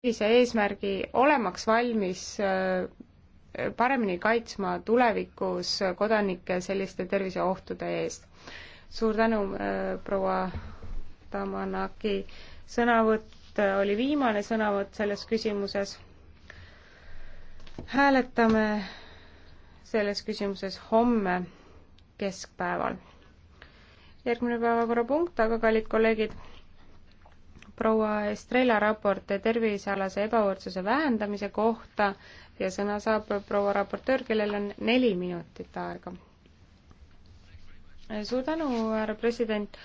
sellise eesmärgi olemaks valmis äh, paremini kaitsma tulevikus kodanikke selliste terviseohtude eest. suur tänu, äh, proua Tamanaki, sõnavõtt äh, oli viimane sõnavõtt selles küsimuses. hääletame selles küsimuses homme keskpäeval. järgmine päevakorrapunkt, aga kallid kolleegid proua Estrela raport tervisealase ebavõrdsuse vähendamise kohta ja sõna saab proua raportöör, kellel on neli minutit aega. suur tänu, härra president.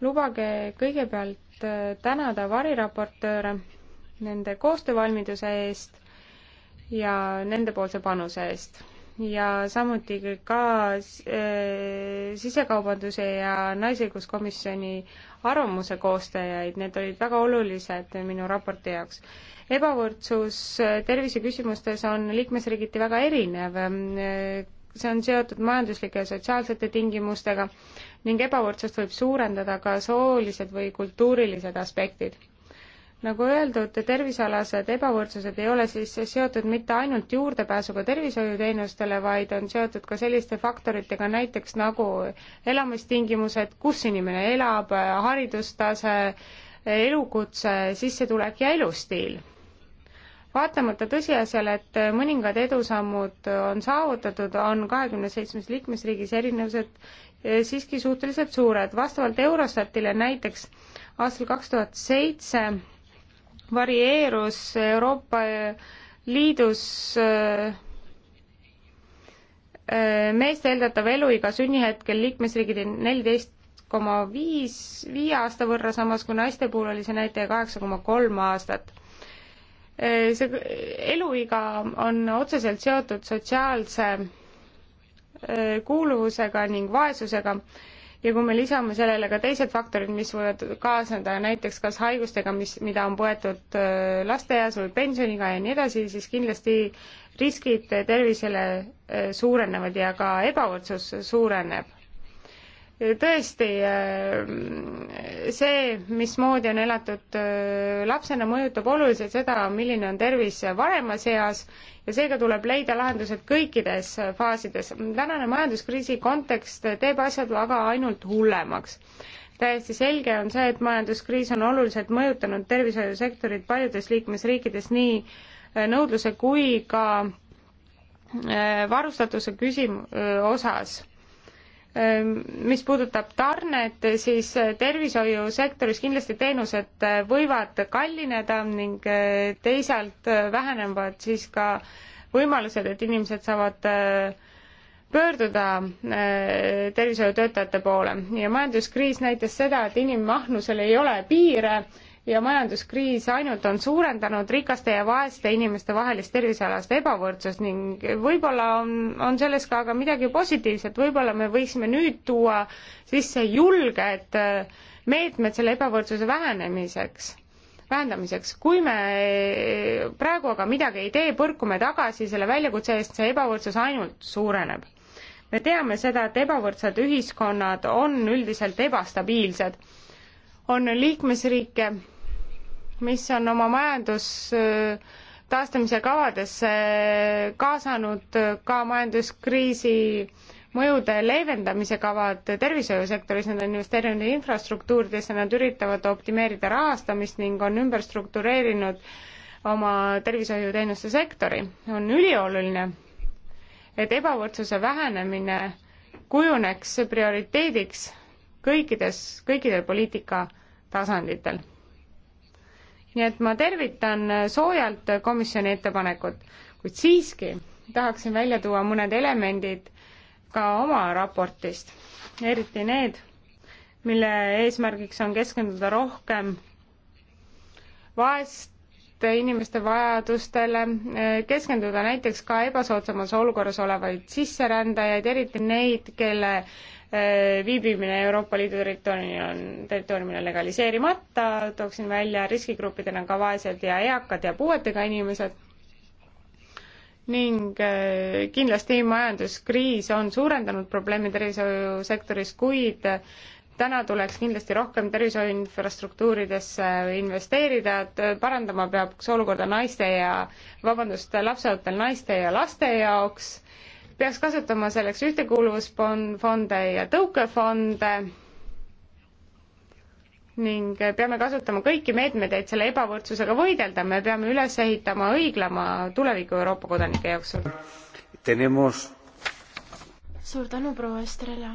lubage kõigepealt äh, tänada variraportööre nende koostöövalmiduse eest ja nendepoolse panuse eest ja samuti ka äh, sisekaubanduse ja naisõiguskomisjoni arvamuse koostajaid, need olid väga olulised minu raporti jaoks. ebavõrdsus terviseküsimustes on liikmesriigiti väga erinev, see on seotud majanduslike ja sotsiaalsete tingimustega ning ebavõrdsust võib suurendada ka soolised või kultuurilised aspektid nagu öeldud, tervisealased ebavõrdsused ei ole siis seotud mitte ainult juurdepääsuga tervishoiuteenustele, vaid on seotud ka selliste faktoritega näiteks nagu elamistingimused, kus inimene elab, haridustase, elukutse, sissetulek ja elustiil. vaatamata tõsiasjale, et mõningad edusammud on saavutatud, on kahekümne seitsmes liikmesriigis erinevused eh, siiski suhteliselt suured. vastavalt Eurostatile näiteks aastal kaks tuhat seitse varieerus Euroopa Liidus äh, äh, meeste eeldatav eluiga sünnihetkel liikmesriigid neliteist koma viis, viie aasta võrra, samas kui naiste puhul oli see näitaja kaheksa koma kolm aastat. Äh, see eluiga on otseselt seotud sotsiaalse kuuluvusega ning vaesusega ja kui me lisame sellele ka teised faktorid, mis võivad kaasneda näiteks kas haigustega, mis, mida on põetud äh, lasteaias või pensioniga ja nii edasi, siis kindlasti riskid tervisele äh, suurenevad ja ka ebavõrdsus suureneb tõesti ehm, see, mismoodi on elatud lapsena, mõjutab oluliselt seda, milline on tervis varemas eas ja seega tuleb leida lahendused kõikides faasides. tänane majanduskriisi kontekst teeb asjad aga ainult hullemaks täiesti selge on see, et majanduskriis on oluliselt mõjutanud tervishoiusektorit paljudes liikmesriikides nii nõudluse kui ka varustatuse küsim-, osas Ehm, mis puudutab tarnet, siis eh, tervishoiusektoris kindlasti teenused eh, võivad kallineda ning eh, teisalt vähenevad siis ka võimalused, et inimesed saavad pöörduda tervishoiutöötajate poole ja majanduskriis näitas seda, et inimahnusel ei ole piire ja majanduskriis ainult on suurendanud rikaste ja vaeste inimeste vahelist tervisealast ebavõrdsust ning võib-olla on, on selles ka aga midagi positiivset, võib-olla me võiksime nüüd tuua sisse julged äh, meetmed selle ebavõrdsuse vähenemiseks vähendamiseks, kui me äh, praegu aga midagi ei tee, põrkume tagasi selle väljakutse eest, see ebavõrdsus ainult suureneb. me teame seda, et ebavõrdsed ühiskonnad on üldiselt ebastabiilsed on liikmesriike, mis on oma majandus äh, taastamise kavadesse äh, kaasanud äh, ka majanduskriisi mõjude leevendamise kavad tervishoiusektoris, nad on investeerinud infrastruktuuridesse, nad üritavad optimeerida rahastamist ning on ümber struktureerinud oma tervishoiuteenuste sektori. on ülioluline, et ebavõrdsuse vähenemine kujuneks prioriteediks kõikides, kõikidel poliitika tasanditel. nii et ma tervitan soojalt komisjoni ettepanekut, kuid siiski tahaksin välja tuua mõned elemendid ka oma raportist, eriti need, mille eesmärgiks on keskenduda rohkem vaeste inimeste vajadustele, keskenduda näiteks ka ebasoodsamas olukorras olevaid sisserändajaid, eriti neid, kelle Äh, viibimine Euroopa Liidu territooriumil on, territooriumil on legaliseerimata, tooksin välja riskigruppidena ka vaesed ja eakad ja puuetega inimesed ning äh, kindlasti majanduskriis on suurendanud probleeme tervishoiusektoris, kuid äh, täna tuleks kindlasti rohkem tervishoiu infrastruktuuridesse investeerida, et parandama peaks olukorda naiste ja, vabandust, lapseootel naiste ja laste jaoks peaks kasutama selleks ühtekuuluvusfonde ja tõukefonde ning peame kasutama kõiki meetmeid, et selle ebavõrdsusega võidelda, me peame üles ehitama õiglama tuleviku Euroopa kodanike jaoks. Tenemos... suur tänu, proua Estrela.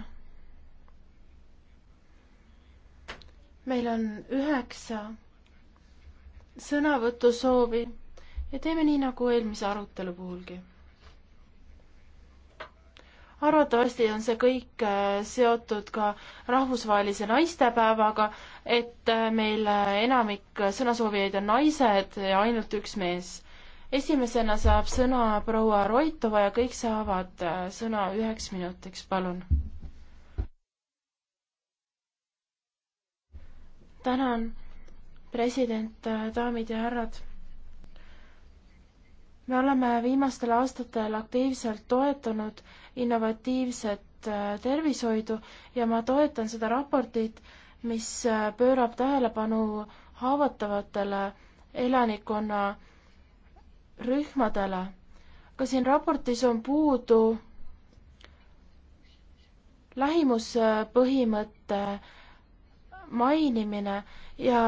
meil on üheksa sõnavõtusoovi ja teeme nii nagu eelmise arutelu puhulgi arvatavasti on see kõik äh, seotud ka rahvusvahelise naistepäevaga, et äh, meil äh, enamik sõnasoovijaid on naised ja ainult üks mees. esimesena saab sõna proua Roitova ja kõik saavad sõna üheks minutiks, palun. tänan, president, daamid ja härrad me oleme viimastel aastatel aktiivselt toetanud innovatiivset äh, tervishoidu ja ma toetan seda raportit, mis äh, pöörab tähelepanu haavatavatele elanikkonna rühmadele. ka siin raportis on puudu lähimuspõhimõtte mainimine ja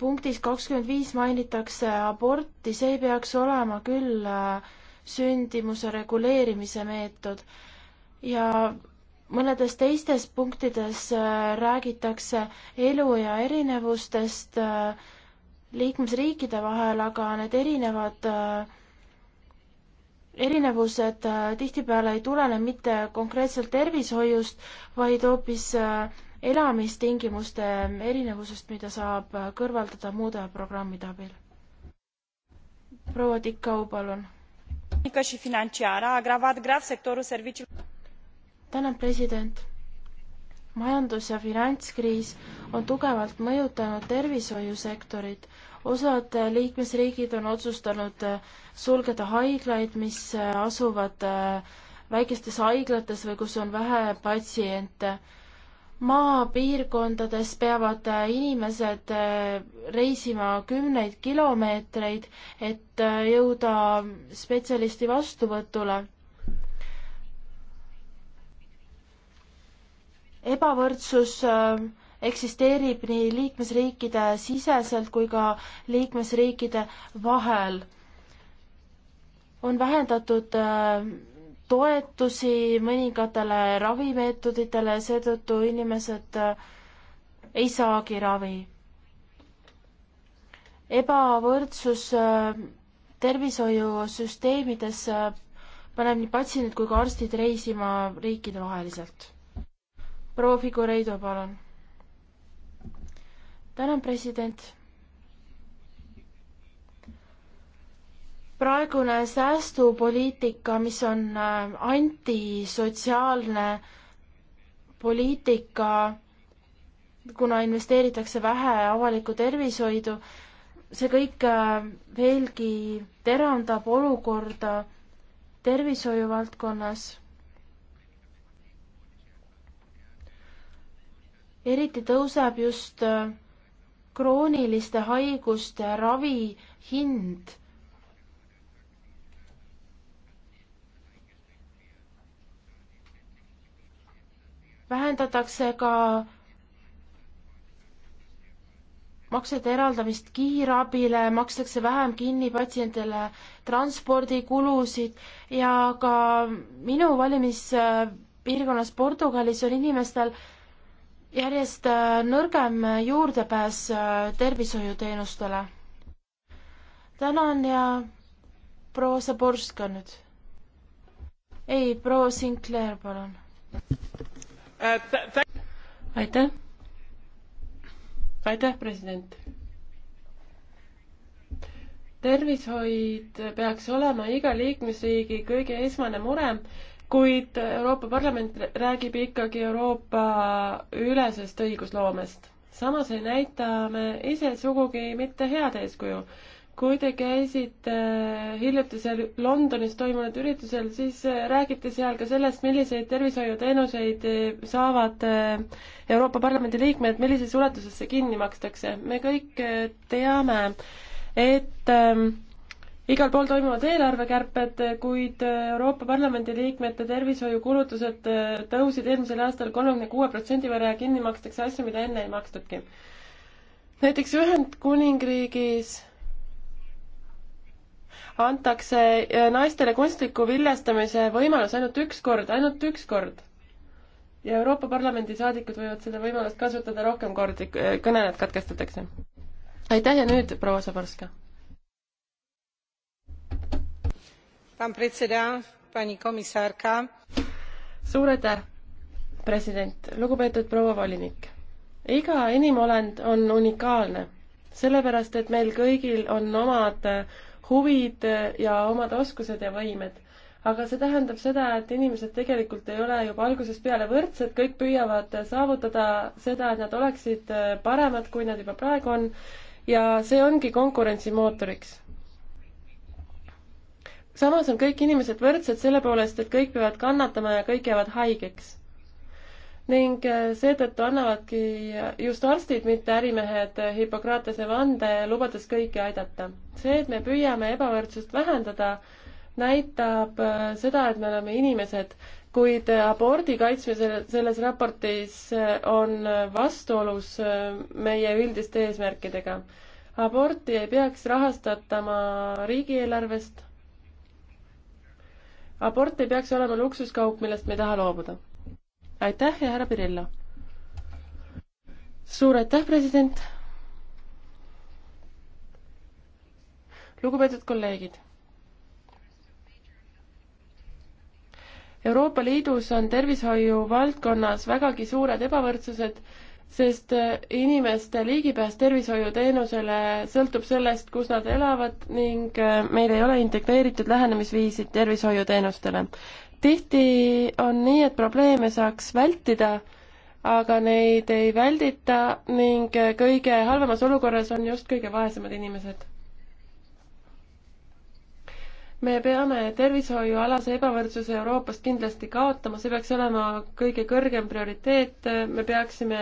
punktis kakskümmend viis mainitakse aborti, see peaks olema küll äh, sündimuse reguleerimise meetod ja mõnedes teistes punktides äh, räägitakse elu ja erinevustest äh, liikmesriikide vahel, aga need erinevad, erinevused tihtipeale ei tulene mitte konkreetselt tervishoiust, vaid hoopis elamistingimuste erinevusest, mida saab kõrvaldada muude programmide abil. proua Tikau, palun. tänan, president. majandus- ja finantskriis on tugevalt mõjutanud tervishoiusektorit. osad liikmesriigid on otsustanud eh, sulgeda haiglaid, mis eh, asuvad eh, väikestes haiglates või kus on vähe patsiente maapiirkondades peavad äh, inimesed äh, reisima kümneid kilomeetreid, et äh, jõuda spetsialisti vastuvõtule. ebavõrdsus eksisteerib nii liikmesriikide siseselt kui ka liikmesriikide vahel. on vähendatud toetusi mõningatele ravimeetoditele, seetõttu inimesed äh, ei saagi ravi. ebavõrdsus äh, tervishoiusüsteemides äh, paneb nii patsiendid kui ka arstid reisima riikidevaheliselt. proua Figureido, palun. tänan, president praegune säästupoliitika, mis on äh, antisotsiaalne poliitika, kuna investeeritakse vähe avalikku tervishoidu, see kõik äh, veelgi teravdab olukorda tervishoiu valdkonnas. eriti tõuseb just äh, krooniliste haiguste ravi hind vähendatakse ka maksete eraldamist kiirabile, makstakse vähem kinni patsientidele transpordikulusid ja ka minu valimispiirkonnas Portugalis on inimestel järjest äh, nõrgem juurdepääs äh, tervishoiuteenustele. tänan ja proua Zaborska nüüd. ei, proua Sinclair, palun aitäh. aitäh, president. tervishoid peaks olema iga liikmesriigi kõige esmane mure, kuid Euroopa Parlament räägib ikkagi Euroopa ülesest õigusloomest. samas ei näita me ise sugugi mitte head eeskuju kui te käisite äh, hiljutisel Londonis toimunud üritusel, siis äh, räägiti seal ka sellest, milliseid tervishoiuteenuseid äh, saavad Euroopa Parlamendi liikmed, millises ulatuses see kinni makstakse. me kõik teame, et ähm, igal pool toimuvad eelarvekärped, kuid Euroopa Parlamendi liikmete tervishoiukulutused tõusid eelmisel aastal kolmekümne kuue protsendi võrra ja kinni makstakse asju, mida enne ei makstudki. näiteks Ühendkuningriigis antakse äh, naistele kunstliku viljastamise võimalus ainult üks kord, ainult üks kord. ja Euroopa Parlamendi saadikud võivad seda võimalust kasutada rohkem kordi, kõnelejad katkestatakse. aitäh ja nüüd proua Zaborska. suur aitäh, president, lugupeetud proua volinik. iga inimolend on unikaalne sellepärast, et meil kõigil on omad äh, huvid ja omad oskused ja võimed. aga see tähendab seda, et inimesed tegelikult ei ole juba algusest peale võrdsed, kõik püüavad saavutada seda, et nad oleksid paremad, kui nad juba praegu on ja see ongi konkurentsimootoriks samas on kõik inimesed võrdsed selle poolest, et kõik peavad kannatama ja kõik jäävad haigeks ning äh, seetõttu annavadki just arstid, mitte ärimehed, äh, Hippokratese vande, lubades kõiki aidata. see, et me püüame ebavõrdsust vähendada, näitab äh, seda, et me oleme inimesed, kuid abordi kaitsmise selles raportis on vastuolus meie üldiste eesmärkidega. aborti ei peaks rahastatama riigieelarvest. abort ei peaks olema luksuskaup, millest me ei taha loobuda aitäh ja härra Pirello. suur aitäh, president. lugupeetud kolleegid. Euroopa Liidus on tervishoiu valdkonnas vägagi suured ebavõrdsused, sest inimeste ligipääs tervishoiuteenusele sõltub sellest, kus nad elavad ning meil ei ole integreeritud lähenemisviisid tervishoiuteenustele tihti on nii, et probleeme saaks vältida, aga neid ei väldita ning kõige halvemas olukorras on just kõige vaesemad inimesed. me peame tervishoiualase ebavõrdsuse Euroopas kindlasti kaotama, see peaks olema kõige kõrgem prioriteet, me peaksime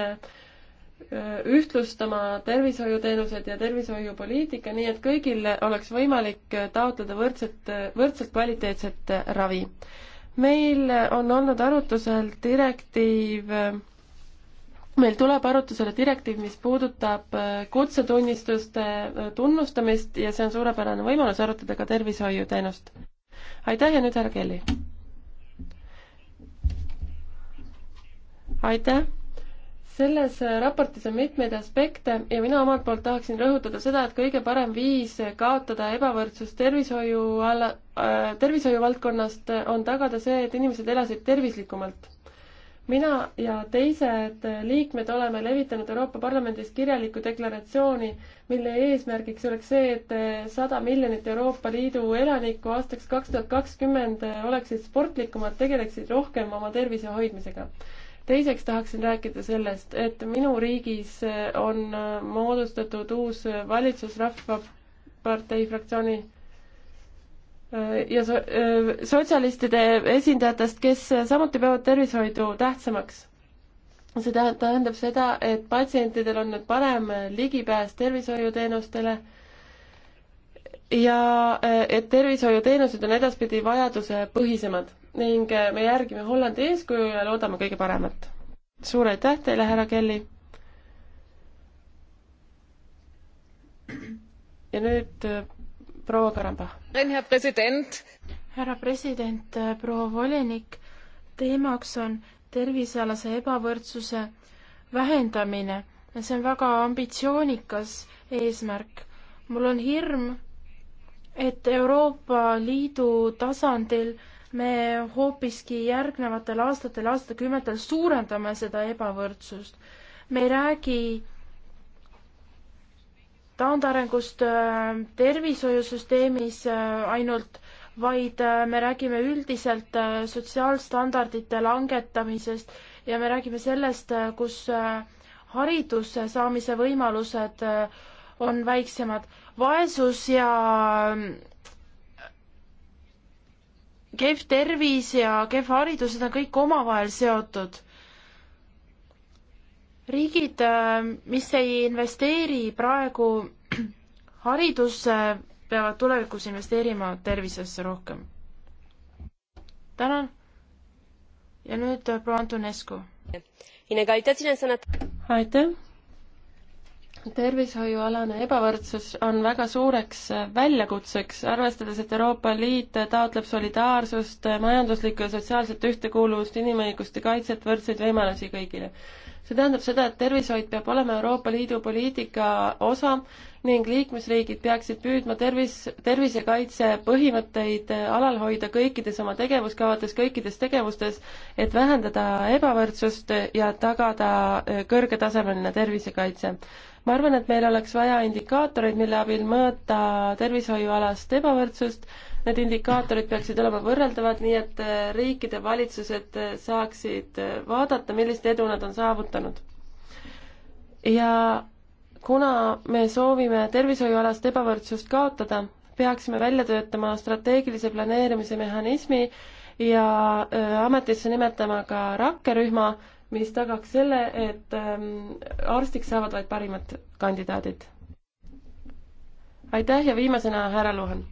ühtlustama tervishoiuteenused ja tervishoiupoliitika, nii et kõigil oleks võimalik taotleda võrdset, võrdselt kvaliteetset ravi meil on olnud arutusel direktiiv, meil tuleb arutusele direktiiv, mis puudutab äh, kutsetunnistuste äh, tunnustamist ja see on suurepärane võimalus arutada ka tervishoiuteenust. aitäh ja nüüd härra Kelly. aitäh selles raportis on mitmeid aspekte ja mina omalt poolt tahaksin rõhutada seda, et kõige parem viis kaotada ebavõrdsus tervishoiu alla äh,, tervishoiu valdkonnast on tagada see, et inimesed elasid tervislikumalt. mina ja teised liikmed oleme levitanud Euroopa Parlamendis kirjalikku deklaratsiooni, mille eesmärgiks oleks see, et sada miljonit Euroopa Liidu elanikku aastaks kaks tuhat kakskümmend oleksid sportlikumad, tegeleksid rohkem oma tervise hoidmisega teiseks tahaksin rääkida sellest, et minu riigis on moodustatud uus valitsus Rahvapartei fraktsiooni ja so sotsialistide esindajatest, kes samuti peavad tervishoidu tähtsamaks. see tähendab seda, et patsientidel on nüüd parem ligipääs tervishoiuteenustele ja et tervishoiuteenused on edaspidi vajadusepõhisemad ning äh, me järgime Hollandi eeskuju ja loodame kõige paremat. suur aitäh teile, härra Kelly. ja nüüd äh, proua Karamba. härra president. härra äh, president, proua volinik, teemaks on tervisealase ebavõrdsuse vähendamine ja see on väga ambitsioonikas eesmärk. mul on hirm, et Euroopa Liidu tasandil me hoopiski järgnevatel aastatel, aastakümnetel suurendame seda ebavõrdsust. me ei räägi taandarengust äh, tervishoiusüsteemis äh, ainult, vaid äh, me räägime üldiselt sotsiaalstandardite langetamisest ja me räägime sellest, kus hariduse saamise võimalused on väiksemad. vaesus ja kehv tervis ja kehv haridus, need on kõik omavahel seotud. riigid, äh, mis ei investeeri praegu haridusse, peavad tulevikus investeerima tervisesse rohkem. tänan. ja nüüd äh, proua Antonescu. aitäh tervishoiualane ebavõrdsus on väga suureks väljakutseks, arvestades, et Euroopa Liit taotleb solidaarsust, majanduslikku ja sotsiaalset ühtekuuluvust, inimõiguste kaitset, võrdseid võimalusi kõigile. see tähendab seda, et tervishoid peab olema Euroopa Liidu poliitika osa ning liikmesriigid peaksid püüdma tervis, tervisekaitse põhimõtteid alal hoida kõikides oma tegevuskavades, kõikides tegevustes, et vähendada ebavõrdsust ja tagada äh, kõrgetasemeline tervisekaitse. ma arvan, et meil oleks vaja indikaatoreid, mille abil mõõta tervishoiualast ebavõrdsust, need indikaatorid peaksid olema võrreldavad, nii et äh, riikide valitsused äh, saaksid vaadata, millist edu nad on saavutanud. ja kuna me soovime tervishoiualast ebavõrdsust kaotada, peaksime välja töötama strateegilise planeerimise mehhanismi ja äh, ametisse nimetama ka rakkerühma, mis tagaks selle, et ähm, arstiks saavad vaid parimad kandidaadid. aitäh ja viimasena härra Luhan.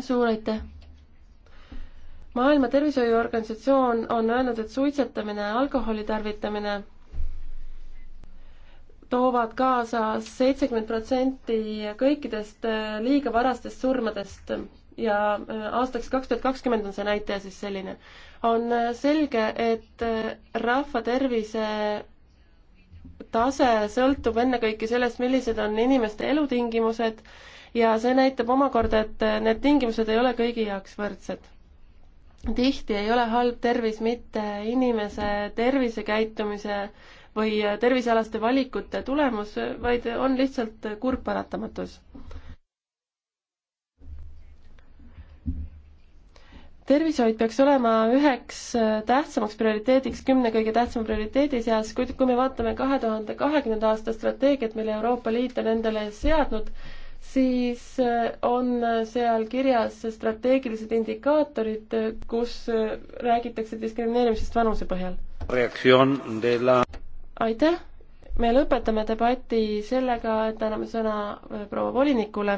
suur aitäh! maailma Tervishoiuorganisatsioon on öelnud, et suitsetamine, alkoholi tarvitamine toovad kaasa seitsekümmend protsenti kõikidest äh, liiga varastest surmadest ja äh, aastaks kaks tuhat kakskümmend on see näitaja siis selline. on äh, selge, et rahva tervise tase sõltub ennekõike sellest, millised on inimeste elutingimused ja see näitab omakorda, et need tingimused ei ole kõigi jaoks võrdsed. tihti ei ole halb tervis mitte inimese tervisekäitumise või tervisealaste valikute tulemus, vaid on lihtsalt kurb paratamatus. tervishoid peaks olema üheks tähtsamaks prioriteediks kümne kõige tähtsama prioriteedi seas, kuid kui me vaatame kahe tuhande kahekümnenda aasta strateegiat, mille Euroopa Liit on endale seadnud, siis on seal kirjas strateegilised indikaatorid, kus räägitakse diskrimineerimisest vanuse põhjal. reaktsioon teil la aitäh, me lõpetame debati sellega, et anname sõna äh, proua volinikule,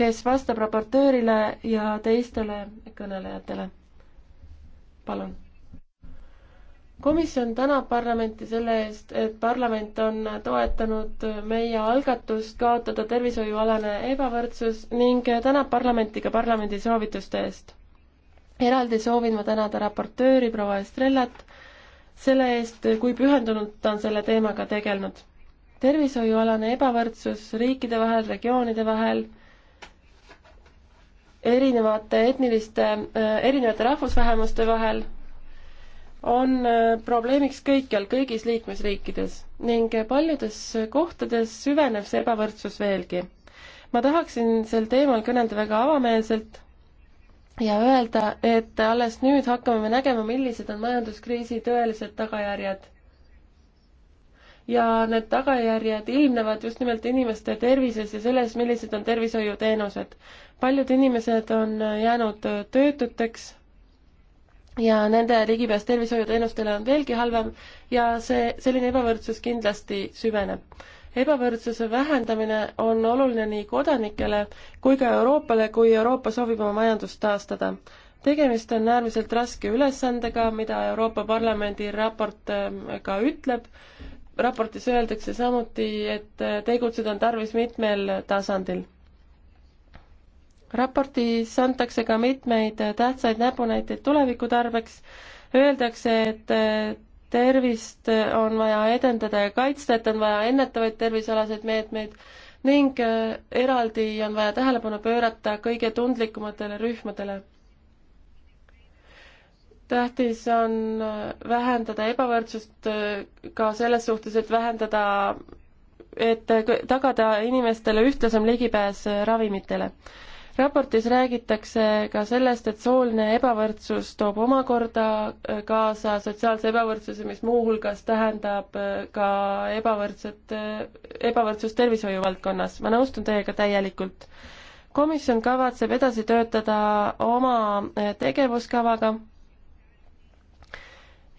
kes vastab raportöörile ja teistele kõnelejatele. palun. komisjon tänab parlamenti selle eest, et parlament on toetanud meie algatust kaotada tervishoiualane ebavõrdsus ning tänab parlamenti ka parlamendi soovituste eest. eraldi soovin ma tänada raportööri proua Estrellat selle eest, kui pühendunult ta on selle teemaga tegelenud. tervishoiualane ebavõrdsus riikide vahel, regioonide vahel, erinevate etniliste, erinevate rahvusvähemuste vahel on äh, probleemiks kõikjal, kõigis liikmesriikides ning paljudes kohtades süveneb see ebavõrdsus veelgi. ma tahaksin sel teemal kõnelda väga avameelselt ja öelda, et alles nüüd hakkame me nägema, millised on majanduskriisi tõelised tagajärjed. ja need tagajärjed ilmnevad just nimelt inimeste tervises ja selles, millised on tervishoiuteenused. paljud inimesed on jäänud töötuteks ja nende ligipääs tervishoiuteenustele on veelgi halvem ja see, selline ebavõrdsus kindlasti süveneb ebavõrdsuse vähendamine on oluline nii kodanikele kui ka Euroopale, kui Euroopa soovib oma majandust taastada. tegemist on äärmiselt raske ülesandega, mida Euroopa Parlamendi raport ähm, ka ütleb. raportis öeldakse samuti, et äh, tegutseda on tarvis mitmel tasandil. raportis antakse ka mitmeid tähtsaid näpunäiteid tuleviku tarbeks. Öeldakse, et äh, tervist on vaja edendada ja kaitsta, et on vaja ennetavaid tervisealaseid meetmeid ning äh, eraldi on vaja tähelepanu pöörata kõige tundlikumatele rühmadele. tähtis on äh, vähendada ebavõrdsust äh, ka selles suhtes, et vähendada, et tagada inimestele ühtlasem ligipääs ravimitele raportis räägitakse ka sellest, et sooline ebavõrdsus toob omakorda äh, kaasa sotsiaalse ebavõrdsuse, mis muuhulgas tähendab äh, ka ebavõrdset, äh, ebavõrdsust tervishoiu valdkonnas. ma nõustun teiega täielikult. komisjon kavatseb edasi töötada oma tegevuskavaga,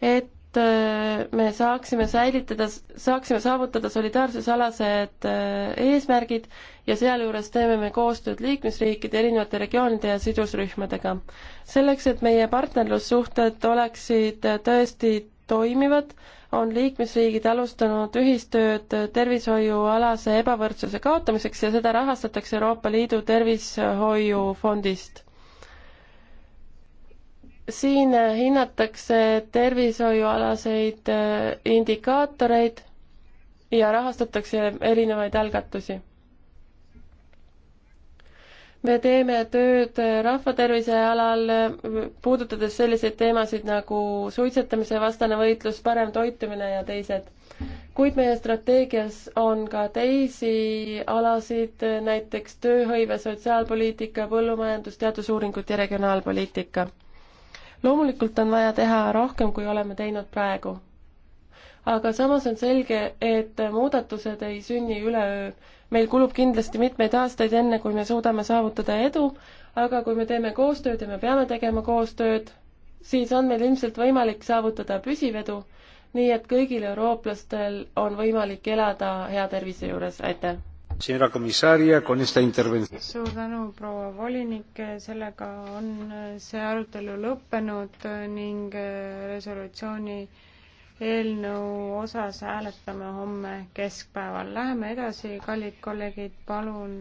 et et äh, me saaksime säilitada, saaksime saavutada solidaarsusalased äh, eesmärgid ja sealjuures teeme me koostööd liikmesriikide, erinevate regioonide ja sidusrühmadega. selleks, et meie partnerlussuhted oleksid äh, tõesti toimivad, on liikmesriigid alustanud ühistööd tervishoiualase ebavõrdsuse kaotamiseks ja seda rahastatakse Euroopa Liidu tervishoiufondist siin äh, hinnatakse tervishoiualaseid äh, indikaatoreid ja rahastatakse erinevaid algatusi. me teeme tööd äh, rahvatervise alal, puudutades selliseid teemasid nagu suitsetamise vastane võitlus, parem toitumine ja teised. kuid meie strateegias on ka teisi alasid, näiteks tööhõive, sotsiaalpoliitika, põllumajandus, teadusuuringud ja regionaalpoliitika loomulikult on vaja teha rohkem, kui oleme teinud praegu. aga samas on selge, et muudatused ei sünni üleöö. meil kulub kindlasti mitmeid aastaid, enne kui me suudame saavutada edu, aga kui me teeme koostööd ja me peame tegema koostööd, siis on meil ilmselt võimalik saavutada püsiv edu, nii et kõigil eurooplastel on võimalik elada hea tervise juures, aitäh! suur tänu, proua volinik, sellega on see arutelu lõppenud ning resolutsiooni eelnõu osas hääletame homme keskpäeval. Läheme edasi, kallid kolleegid, palun